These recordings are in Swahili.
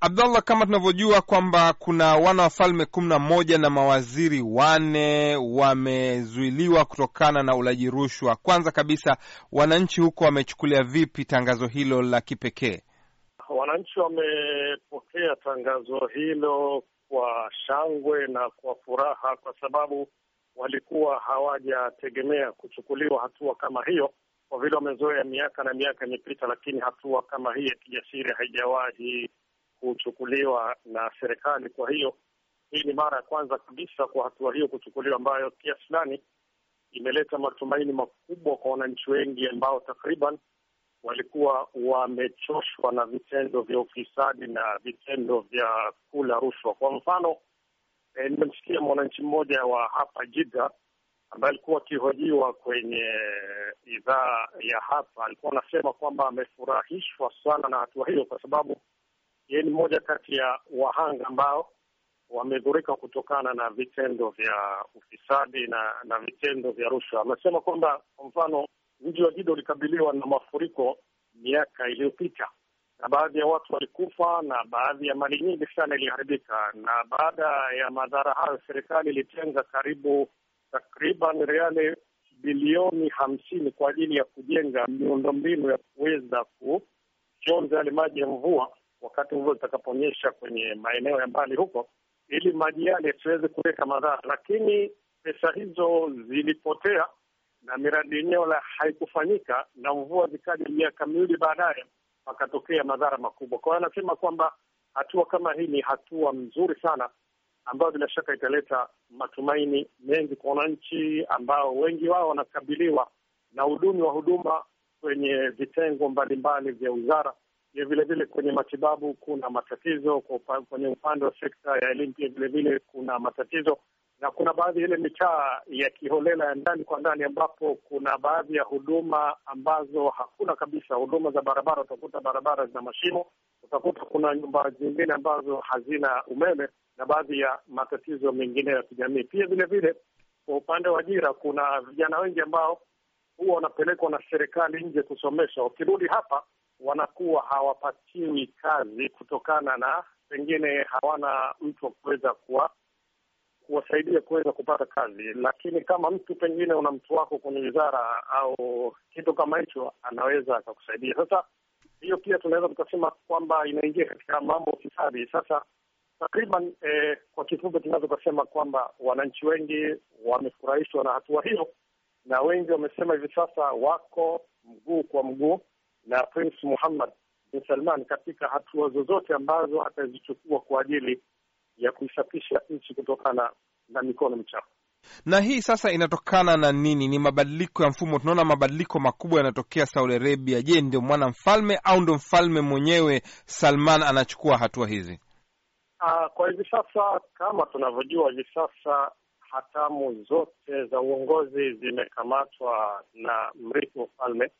Abdallah, kama tunavyojua kwamba kuna wana wafalme kumi na moja na mawaziri wane wamezuiliwa kutokana na ulaji rushwa. Kwanza kabisa, wananchi huko wamechukulia vipi tangazo hilo la kipekee? Wananchi wamepokea tangazo hilo kwa shangwe na kwa furaha, kwa sababu walikuwa hawajategemea kuchukuliwa hatua kama hiyo kwa vile wamezoea miaka na miaka imepita, lakini hatua kama hii ya kijasiri haijawahi kuchukuliwa na serikali. Kwa hiyo hii ni mara ya kwanza kabisa kwa hatua hiyo kuchukuliwa, ambayo kiasi fulani imeleta matumaini makubwa kwa wananchi wengi ambao takriban walikuwa wamechoshwa na vitendo vya ufisadi na vitendo vya kula rushwa. Kwa mfano eh, nimemsikia mwananchi mmoja wa hapa jida ambaye alikuwa akihojiwa kwenye idhaa ya hapa, alikuwa anasema kwamba amefurahishwa sana na hatua hiyo, kwa sababu yeye ni mmoja kati ya wahanga ambao wamedhurika kutokana na vitendo vya ufisadi na na vitendo vya rushwa. Amesema kwamba kwa mfano mji wa Jido ulikabiliwa na mafuriko miaka iliyopita, na baadhi ya watu walikufa na baadhi ya mali nyingi sana iliharibika. Na baada ya madhara hayo, serikali ilitenga karibu takriban reale bilioni hamsini kwa ajili ya kujenga miundombinu ya kuweza kuchonza yale maji ya mvua wakati mvua zitakaponyesha kwenye maeneo ya mbali huko, ili maji yale yasiweze kuleta madhara. Lakini pesa hizo zilipotea na miradi yenyewe la haikufanyika, na mvua zikaja miaka miwili baadaye, pakatokea madhara makubwa. Kwa hiyo anasema kwamba hatua kama hii ni hatua mzuri sana ambayo bila shaka italeta matumaini mengi kwa wananchi ambao wengi wao wanakabiliwa na udumi wa huduma kwenye vitengo mbalimbali vya wizara Vilevile kwenye matibabu kuna matatizo, kwenye upande wa sekta ya elimu pia vilevile kuna matatizo, na kuna baadhi ya ile mitaa ya kiholela ya ndani kwa ndani, ambapo kuna baadhi ya huduma ambazo hakuna kabisa. Huduma za barabara, utakuta barabara zina mashimo, utakuta kuna nyumba zingine ambazo hazina umeme na baadhi ya matatizo mengine ya kijamii. Pia vilevile kwa upande wa ajira, kuna vijana wengi ambao huwa wanapelekwa na serikali nje kusomeshwa, wakirudi hapa wanakuwa hawapatiwi kazi kutokana na pengine hawana mtu wa kuweza kuwa kuwasaidia kuweza kupata kazi. Lakini kama mtu pengine una mtu wako kwenye wizara au kitu kama hicho, anaweza akakusaidia. Sasa hiyo pia tunaweza tukasema kwamba inaingia katika mambo fisadi. Sasa takriban eh, kwa kifupi tunaweza tukasema kwamba wananchi wengi wamefurahishwa na hatua hiyo, na wengi wamesema hivi sasa wako mguu kwa mguu na Prince Muhammad bin Salman katika hatua zozote ambazo atazichukua kwa ajili ya kuisafisha nchi kutokana na mikono michafu. Na hii sasa inatokana na nini? Ni mabadiliko ya mfumo. Tunaona mabadiliko makubwa yanatokea Saudi Arabia. Je, ndio mwana mfalme au ndio mfalme mwenyewe Salman anachukua hatua hizi? Aa, ah, kwa hivi sasa kama tunavyojua, hivi sasa hatamu zote za uongozi zimekamatwa na mrithi wa ufalme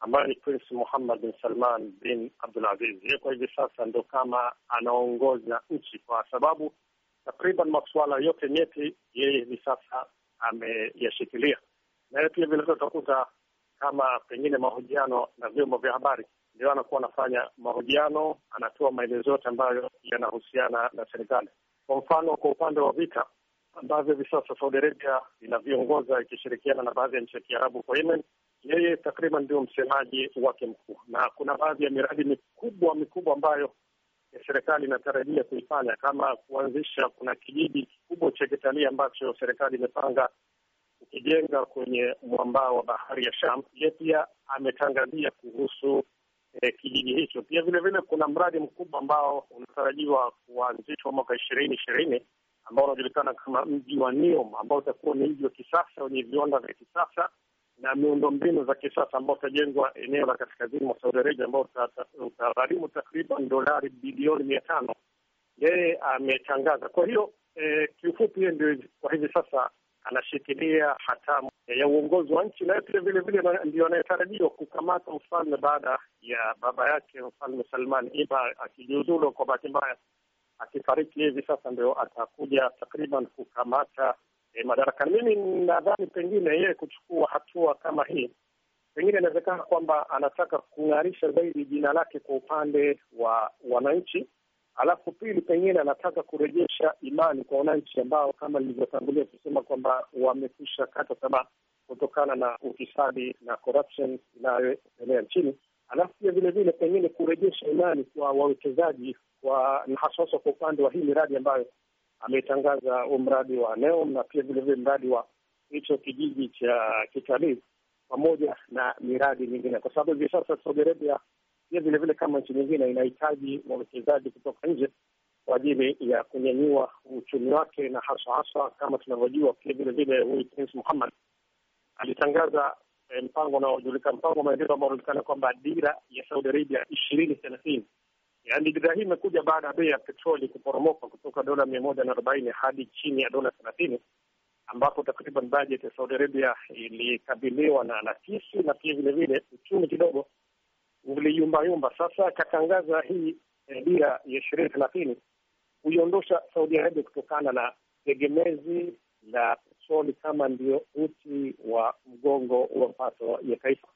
ambayo ni Prince Muhammad bin Salman bin Abdul Aziz. Yeye kwa hivi sasa ndo kama anaongoza nchi kwa sababu takriban masuala yote nyeti yeye hivi sasa ameyashikilia, na pia vilevile utakuta kama pengine mahojiano na vyombo vya habari ndio anakuwa anafanya mahojiano, anatoa maelezo yote ambayo yanahusiana na serikali. Kwa mfano, kwa upande wa vita ambavyo hivi sasa Saudi Arabia inaviongoza ikishirikiana na baadhi ya nchi ya Kiarabu kwa Yemen, yeye takriban ndio msemaji wake mkuu, na kuna baadhi ya miradi mikubwa mikubwa ambayo serikali inatarajia kuifanya kama kuanzisha, kuna kijiji kikubwa cha kitalii ambacho serikali imepanga kukijenga kwenye mwambao wa bahari ya Sham. Ye pia ametangazia kuhusu eh, kijiji hicho. Pia vilevile kuna mradi mkubwa ambao unatarajiwa kuanzishwa mwaka ishirini ishirini ambao unajulikana kama mji wa Neom ambao utakuwa ni mji wa kisasa wenye viwanda vya kisasa na miundo mbinu za kisasa ambao utajengwa eneo la kaskazini mwa Saudi Arabia ambao utagharimu takriban dolari bilioni mia tano yeye ametangaza. Kwa hiyo e, kiufupi hiyo ndio kwa hivi sasa anashikilia hatamu eh, ya uongozi wa nchi, naye pia vilevile ndio anayetarajiwa kukamata ufalme baada ya baba yake Mfalme Salman iba akijiuzulu kwa bahati mbaya, akifariki hivi sasa, ndio atakuja takriban kukamata e, eh, madarakani. Mimi nadhani pengine yeye kuchukua hatua kama hii, pengine inawezekana kwamba anataka kung'arisha zaidi jina lake kwa upande wa wananchi, alafu pili, pengine anataka kurejesha imani kwa wananchi ambao kama nilivyotangulia kusema kwamba wamekwisha kata tamaa kutokana na ufisadi na corruption inayoendelea nchini, alafu pia vilevile pengine kurejesha imani kwa wawekezaji kwa na kwa upande wa hii miradi ambayo ametangaza huu mradi wa leo na pia vilevile mradi wa hicho kijiji cha kitalii pamoja na miradi mingine, kwa sababu hivi sasa Saudi Arabia pia vilevile kama nchi nyingine inahitaji wawekezaji kutoka nje kwa ajili ya kunyanyua uchumi wake, na haswa haswa kama tunavyojua pia vilevile huyu Prince Muhammad alitangaza eh, mpango unaojulikana, mpango wa maendeleo ambao unajulikana kwamba dira ya Saudi Arabia ishirini thelathini yani bidhaa hii imekuja baada ya bei ya petroli kuporomoka kutoka dola mia moja na arobaini hadi chini ya dola thelathini ambapo takriban bajeti ya Saudi Arabia ilikabiliwa na nakisi na pia vilevile uchumi kidogo viliyumbayumba. Sasa akatangaza hii eh, dira ya ishirini thelathini kuiondosha Saudi Arabia kutokana na tegemezi la petroli kama ndio uti wa mgongo wa mapato ya taifa.